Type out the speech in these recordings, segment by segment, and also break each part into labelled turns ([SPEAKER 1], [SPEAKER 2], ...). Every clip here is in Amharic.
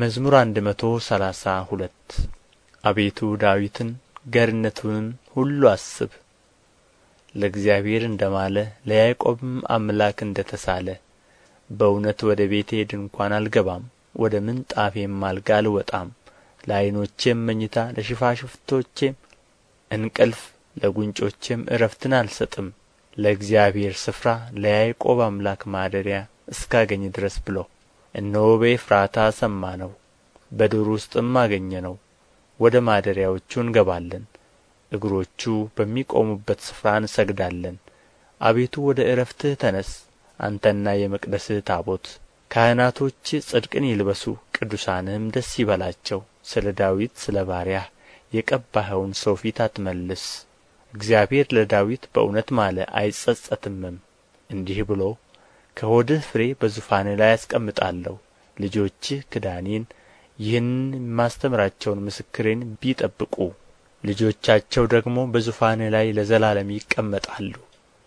[SPEAKER 1] መዝሙር አንድ መቶ ሰላሳ ሁለት አቤቱ ዳዊትን ገርነቱንም ሁሉ አስብ። ለእግዚአብሔር እንደ ማለ ለያዕቆብም አምላክ እንደ ተሳለ በእውነት ወደ ቤቴ ድንኳን አልገባም፣ ወደ ምንጣፌም አልጋ አልወጣም። ለዐይኖቼም መኝታ ለሽፋሽፍቶቼም እንቅልፍ ለጉንጮቼም እረፍትን አልሰጥም፣ ለእግዚአብሔር ስፍራ ለያዕቆብ አምላክ ማደሪያ እስካገኝ ድረስ ብሎ እነሆ በኤፍራታ ሰማነው በዱር ውስጥም አገኘነው ወደ ማደሪያዎቹ እንገባለን እግሮቹ በሚቆሙበት ስፍራ እንሰግዳለን አቤቱ ወደ ዕረፍትህ ተነስ አንተና የመቅደስህ ታቦት ካህናቶች ጽድቅን ይልበሱ ቅዱሳንህም ደስ ይበላቸው ስለ ዳዊት ስለ ባሪያህ የቀባኸውን ሰው ፊት አትመልስ እግዚአብሔር ለዳዊት በእውነት ማለ አይጸጸትምም እንዲህ ብሎ ከሆድህ ፍሬ በዙፋንህ ላይ አስቀምጣለሁ ልጆችህ ክዳኔን ይህን የማስተምራቸውን ምስክሬን ቢጠብቁ ልጆቻቸው ደግሞ በዙፋንህ ላይ ለዘላለም ይቀመጣሉ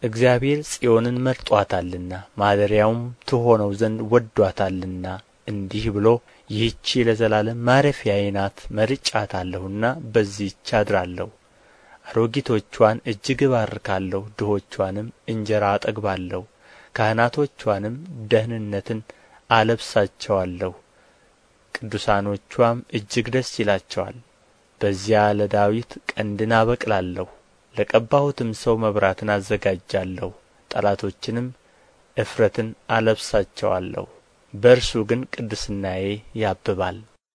[SPEAKER 1] እግዚአብሔር ጽዮንን መርጧታልና ማደሪያውም ትሆነው ዘንድ ወዷታልና እንዲህ ብሎ ይህች ለዘላለም ማረፊያዬ ናት መርጫታለሁና በዚህች አድራለሁ አሮጊቶቿን እጅግ እባርካለሁ ድሆቿንም እንጀራ አጠግባለሁ ካህናቶችዋንም ደህንነትን አለብሳቸዋለሁ ቅዱሳኖችዋም እጅግ ደስ ይላቸዋል በዚያ ለዳዊት ቀንድን አበቅላለሁ ለቀባሁትም ሰው መብራትን አዘጋጃለሁ ጠላቶችንም እፍረትን አለብሳቸዋለሁ በእርሱ ግን ቅድስናዬ ያብባል